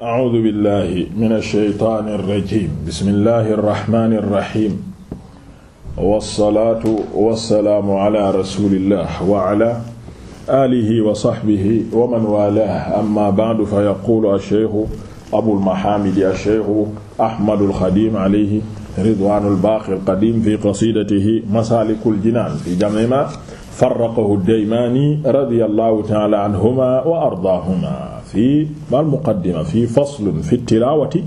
a'uudu billahi mina shaytaani rajiim bismillahi rahmaani rahiim wassalaatu wassalaamu ala rasulillah wa ala aalihi wa sahbihi wa man waalaahu amma ba'du fa yaquulu ash-shaykhu abul mahaamidi ash-shaykhu ahmadul xadiim alayhi ridwaanul baaqil qadiim fi qasiidatihi masaalikul jinaan fi jam'i maa farraqahu ad-daymaani radiyallahu ta'aala anhumaa wa ardaahumaa fii al muqaddima fii fi tilaawati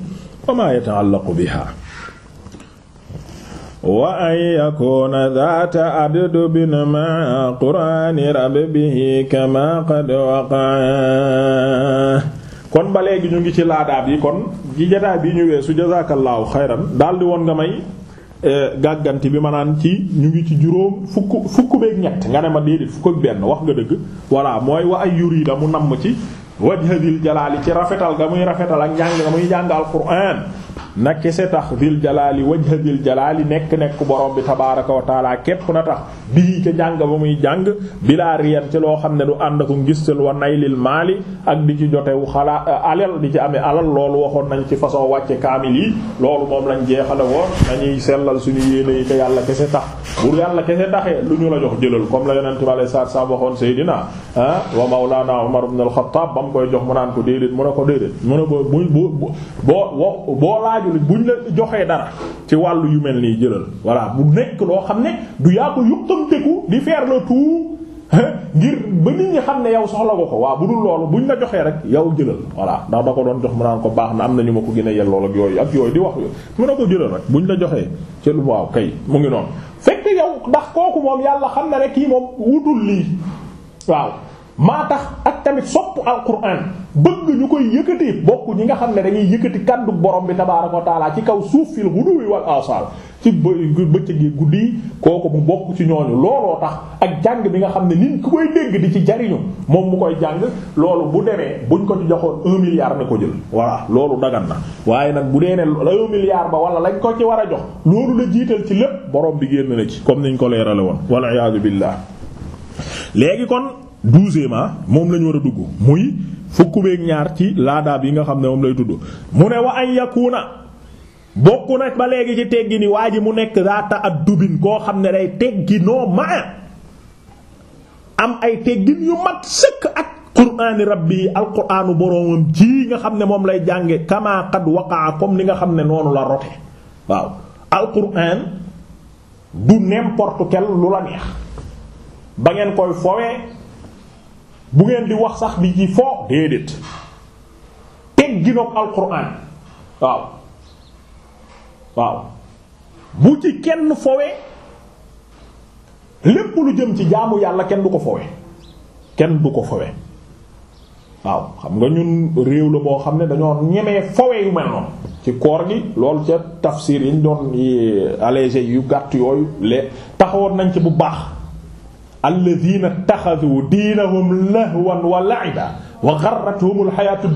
wa maa yata'allaqu bihaa wa an yakuna dhata adadubin ma'a qur'ani rabbihi kama qad waqa'a kon ba léegi ñu ngi ci laadaab yi kon ji jotaay bi ñu weesu jazaakallaahu xayran daldi woon nga may eh, gàgganti bi ma naan ci ñu ngi ci juróom fukk fukk beeg ñett nga ne ma déedéet fukk ak benn wax nga dëgg voilà mooy wa ay yur yi namm ci wajha dil jalaali ci rafetal ga muy rafetal ak njàng nga muy jàng alquran na kese tax dil jalaali wajha dil jalaali nekk nekk borom bi tabaaraka wa taala képp na tax bii ca njàng ba muy jàng bilaa riyan ci loo xam ne du ànd ko ngistal wa naylil maali ak di ci jotewu xalaa euh, alal di ci amee alal loolu waxoon nañu ci façon wàcce kaamil yi loolu moom lañ jeexale woon nañuy sellal suñu yéene yi te yàlla kese tax buur yàlla kese taxee lu ñu la jox jëlal comme la yonente bi alei satu salaam waxoon Seydina ah wa Mawlana Umar ibn al-Khattab ba mu koy jox mu naan ko déedéet mu ne ko déedéet mu ne ko buñ boo boo boo laajul buñ la joxee dara ci wàllu yu mel nii jëlal voilà bu nekk loo xam ne du yaa ko yëkkamteku di faire le tout ngir ba nit ñi xam ne yow soxla nga ko waaw bu dul loolu buñ la joxee rek yow jëlal voilà ndax da ko doon jox mu naan ko baax na am na ñu ma ko gën a yelloo ak yooyu ak yooyu di wax yooyu mu ne ko jëlal rek buñ la joxee ci lu waaw kay mu ngi noonu ndax kooku moom yàlla xam na ne kii moom wutul lii waaw maa tax ak tamit soppu alquran bëgg ñu koy yëkkati bokk ñi nga xam ne dañuy yëkkati kaddu borom bi tabaaraka wa taala ci kaw suuf fil ghuduwi wal asal ci bëccëg yi guddi yi kooku mu bokk ci ñooñu looloo tax ak jàng bi nga xam ne nit ku koy dégg di ci jariñu moom mu koy jàng loolu bu demee buñ ko ci joxoon un milliard ne ko jël voilà loolu dagan na waaye nag bu dee ne un milliard ba wala lañ ko ci war a jox loolu la jiital ci lépp boroom bi génn na ci comme niñ ko leerale woon wal iyaadu billah léegi kon douzièmement ah, moom lañu war a dugg muy fukk beek ñaar ci laadaab yi nga xam ne moom lay tudd bokk nag ba léegi ci teggi waa ji mu nekk zaata ak dubin koo xam ne day teggi noo ma am ay teggin yu mat sëkk ak quraani rabbi alquraanu boroomam ji nga xam ne moom lay jànge kama qad waqaa comme ni nga xam ne noonu la rote waaw alquraan du n'importe quel lu la neex ba ngeen koy fowee bu ngeen di wax sax bi ci foo déedéet tegginoog alquraan waaw waaw bu ci kenn fowee lépp lu jëm ci jaamu yàlla kenn du ko fowee kenn du ko fowee waaw xam nga ñun réew la boo xam ne dañoo ñemee fowee yu mel noonu ci koor gi loolu ca tafsir yi ñu doon allégé yu gàtt yooyu le taxawoon nañ ci bu baax alladhina taxadu diinahum lahwan wa la'iba wa gharratuhum alxayaatu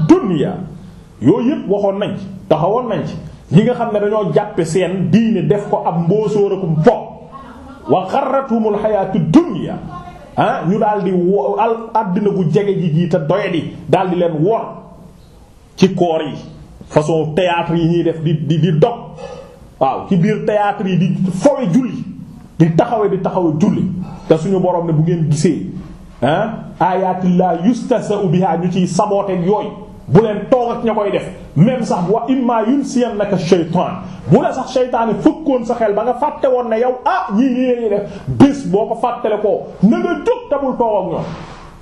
yooyu yëpp waxoon nañ taxawoon nañ ci ñi nga xam ne dañoo jàppe seen diine def ko ab mboosóorakum fo wa xarratumul xayaatu dunya ah ñu daal di wo al àddina gu jege ji gii te doyadi daal di leen wor ci koor yi façon théâtre yi ñuy def di di di dog waaw ci biir théâtre yi di fowe julli di taxawe di taxawe julli te suñu borom ne bu ngeen gisee ah ayatillah yustasa'u biha ñu ciy sabooteeg yooyu bu leen toog ak ña koy def même sax wa seen yunsiyannaka shaytaan bu la sax shaytaani fëkkoon sa xel ba nga fàtte woon ne yow ah ñii ñii ñi def bés boo ko fàttale koo na nga jóg tabul toog ak ñoom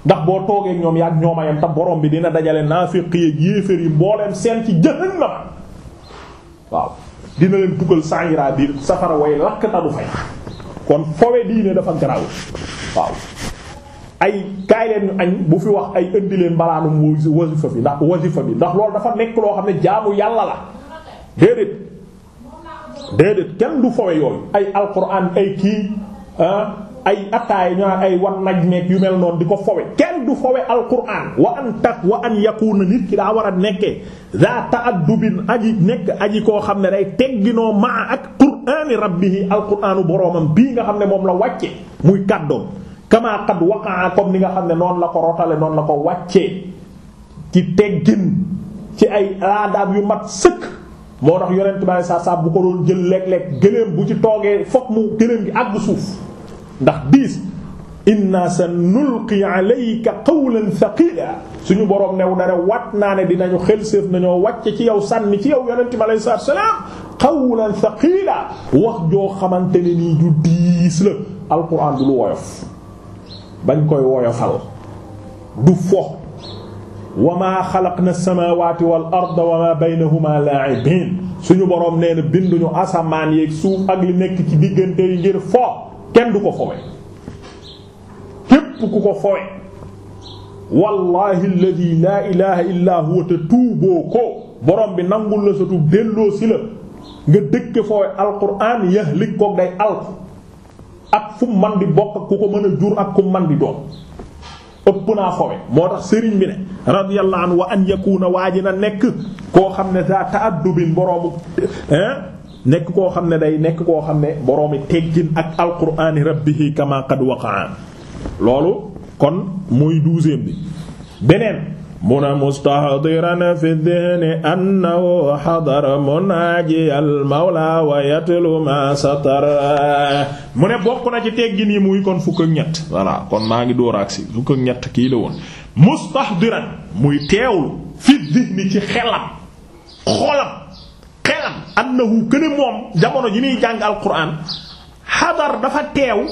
ndax boo toogee ak ñoom yaag ñooma yam ta borom bi dina dajale naa naafiq yi ak yéefér yi mbooleem seen ci jahannam waaw dina leen dugal sàngiraa biir safara way lakk ta du fay kon fowe diine dafa garaw waaw ay kaay leen ñu añ bu fi wax ay indi leen mbalaanum wasifa bi ndax wasifa bi ndax loolu dafa nekk loo xam ne jaamu yàlla la déedéet déedéet kenn du fowe yooyu ay alquran ay kii ah, ay ataay ñoo ay wan naj meek yu mel noonu di ko fowe kenn du fowe alquran wa an tak wa an yakuna nit ki daa war a nekkee za ta'addubin aji nekk aji koo xam ne day tegginoo maa ak bi rabbihi alquranu boromam bii nga xam ne moom la wàcce muy kàddoom kama qad waqa'a comme ni nga xam ne noonu la ko rotale noon na ko wàccee ci teggin ci ay aadaab yu mat sëkk moo tax yonent bi saa saa bu ko doon jël léeg-léeg bu ci toogee fokk mu gëléem gi àgg suuf ndax diis inna sa nulqi alayka qawlan thaqila suñu boroom new na dara wat naa ne dinañu xel séef nañoo wàcce ci yow sànni ci yow yonent bi alayhi salaatu salaam qawlan thaqila wax joo xamante ne nii ju diis la alquran du lu woyof bañ koy woyofal du fo wa maa xalaqna samaawaati wal arda wa maa baynahuma laa'ibiin suñu boroom nee na binduñu asamaan yeeg suuf ak li nekk ci diggante yi ngir fo kenn du ko fowe képp ku ko fowe wallahi alladhi laa huwa te tuuboo ko borom bi nangul la sa tuub delloo si la nga dëkke foowe alquraan yahlik koog day alku ak fu man di bokk ku ko mën a jur ak ku man di doon ëpp naa fowe moo tax sëriñ bi ne radiyallahu anhu wa an yakuna waa ji na nekk koo xam ne daa ta'addubin boroomu nekk koo xam ne day nekk koo xam ne boroomi teggin ak alqur'ani rabbihi kama qad waqa'a loolu kon muy douzième bi beneen mu ne mustahdiran fi dhihni annahu hadara munaajiyal mawla wa yatlu ma satar mu ne bokk na ci teggin yi muy kon fukk ak ñett voilà kon maa ngi door agsi fukk ak ñett kii la woon mustahdiran muy teewlu fi dhihni ci xelam xolam xelam annahu këne moom jamono ji muy jàng alquran hadar dafa teew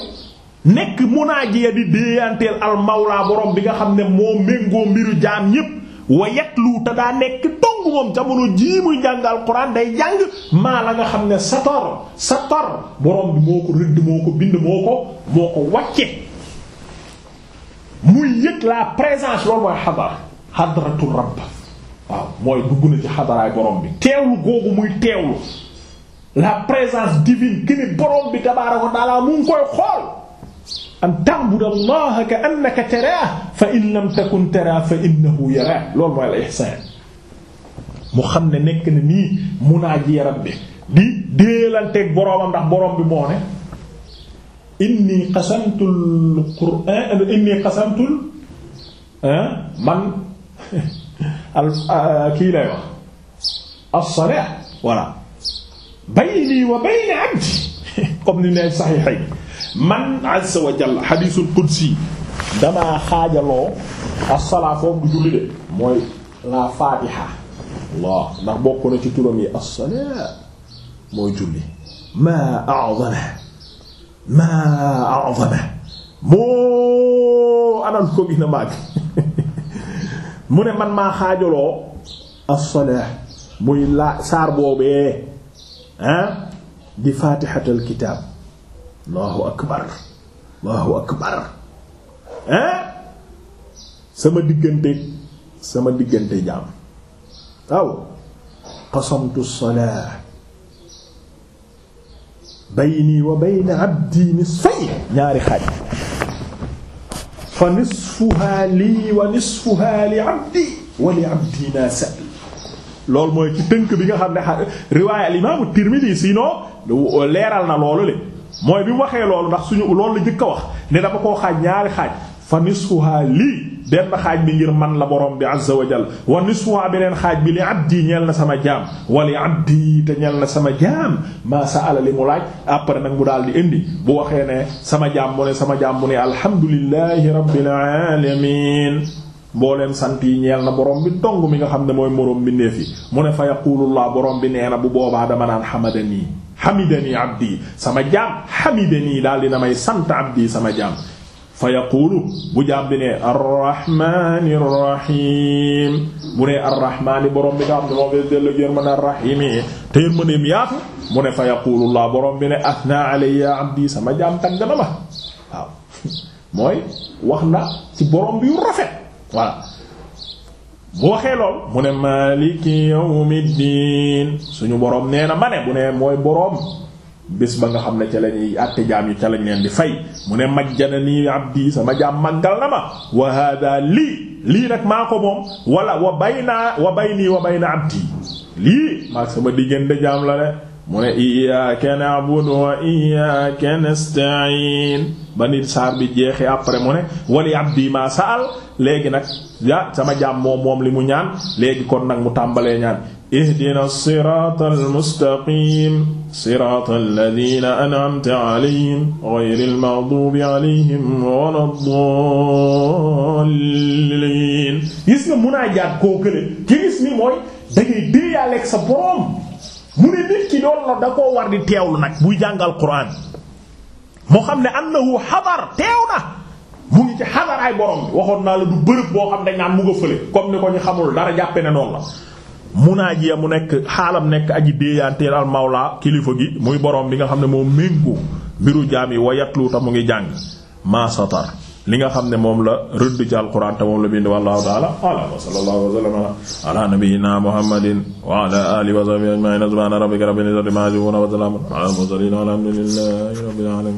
nekk munaajiya di déeyanteel al borom bi nga xam ne moo méngoo mbiru jaam ñépp wa yatlu te daa nekk dong moom jamono jii muy jàng alquran day jàng maa la nga xam ne satar satar borom bi moo ko rëdd moo ko bind moo ko moo ko wàcce muy yëg la présence loolu mooy xadara xadratu rabb waaw mooy dugg na ci xadaraay borom bi teewlu googu muy teewlu la présence divine ki ni borom bi tabaaraka wa taala koy xool an ta'budu allaha ka annaka taraah fa in lam takun taraah fa innahu yaraah loolu mooy al ihsaan mu xam ne nekk na nii munaaji rabbi di déelanteeg boroomam ndax boroom bi moo ne inni qasamtu al-qur'aan inni qasamtu ah, man al kii lay wax as-salaah voilà bayni wa bayna abdi comme ni ne saxiix yi man azza wa jalla xadiisul qudsi damaa xaajaloo assalaa foofu du julli de mooy la faatiha Allah ndax bokk na ci turam yi assalaa mooy julli maa a'zama maa moo anal ko gën a màgg mu ne man maa xaajaloo assalaa muy la saar boobee ah, di faatihatul kitaab allahu akbar allahu akbar eh? sama diggante sama diggante jaam waaw qasamtu salaa bayni wa bayna abdi nisfay ñaari xaaj fa nisfuha lii wa nisfuha li abdi wa li abdi ma sa'al loolu mooy ci tënk bi nga xam ne riwaaya al imaamu Tirmidi sinon leeral na loolu le mooy bi waxee loolu ndax suñu loolu la jëkk a wax ne dama koo xaaj ñaari xaaj fa nisfuha lii benn xaaj bi ngir man la borom bi azza wa jal wa nisfuha beneen xaaj bi li abdi ñeel na sama jaam wa li abdi te ñeel na sama jaam maa sa'ala li mu laaj après nag mu daal di indi bu waxee ne sama jaam mu ne sama jaam mu ne alhamdulillahi rabbil boo leen sant yi ñeel na borom bi dong mi nga xam ne mooy moroom bi neefi mu ne fa yaqulullah borom bi nee na boobaa dama naan xamadani hamidani abdi sama jaam hamidani daal dina may sant abdi sama jaam fa yaquulu bu jaam bi ne arrahmani rahim bu ne arrahmani borom bi nga xam ne moo fees dellu yërmande arrahim yi te yërmandeem yaatu mu ne fa yaquulu laa borom bi ne athna alayya abdi sama jaam tagg na ma waaw mooy wax na ci borom bi yu rafet voilà bu waxee lool mu ne maliki yawmiddin suñu boroom nee na ma ne bu ne mooy boroom bis ba nga xam ne ca lañuy àtte jaam yi ca lañ leen di fay mu ne majjana nii abdi sama jaam màggal na ma wa hada lii lii nag maa ko moom wala wa bay naa wa bay nii wa bay na abdi lii maag sama diggante jaam la ne mu ne iyyaka na'budu wa iyyaka saar bi jeexe après mu ne wali ma sa'al léegi nag ya sama jaam moom moom li mu ñaan léegi kon nag mu tàmbalee ñaan ihdina sirata almustaqim sirata alladina an'amta alayhim ghayri almaghdubi alayhim wala dallin gis nga munaajaat koo kële ki gis ni mooy dangay déeyaaleeg sa borom mu ne nit ki doon la da koo war di teewlu nag buy jàngal quran moo xam ne annahu xadar teew na mu ngi ci xadar borom bi waxoon naa la du bërëb boo xam dañ naan mu nga fële comme ni ko ñu xamul dara jàppe ne noonu la munaajiya mu nekk xaalam nekk aji déeyanteel al kilifa gi muy borom bi nga xam ne moo méngoo mbiru jaam yi wayatluuta mu ngi jàng maa li nga xam ne moom la rëdd ci alquran te moom la bind wallahu taala wa sallallahu wa sallam ala nabiyyina muhammadin wa ala alihi wa sahbihi ajma'in subhana rabbika rabbil izzati amma yasifun wa salamun ala al mursalin walhamdulillahi rabbil alamin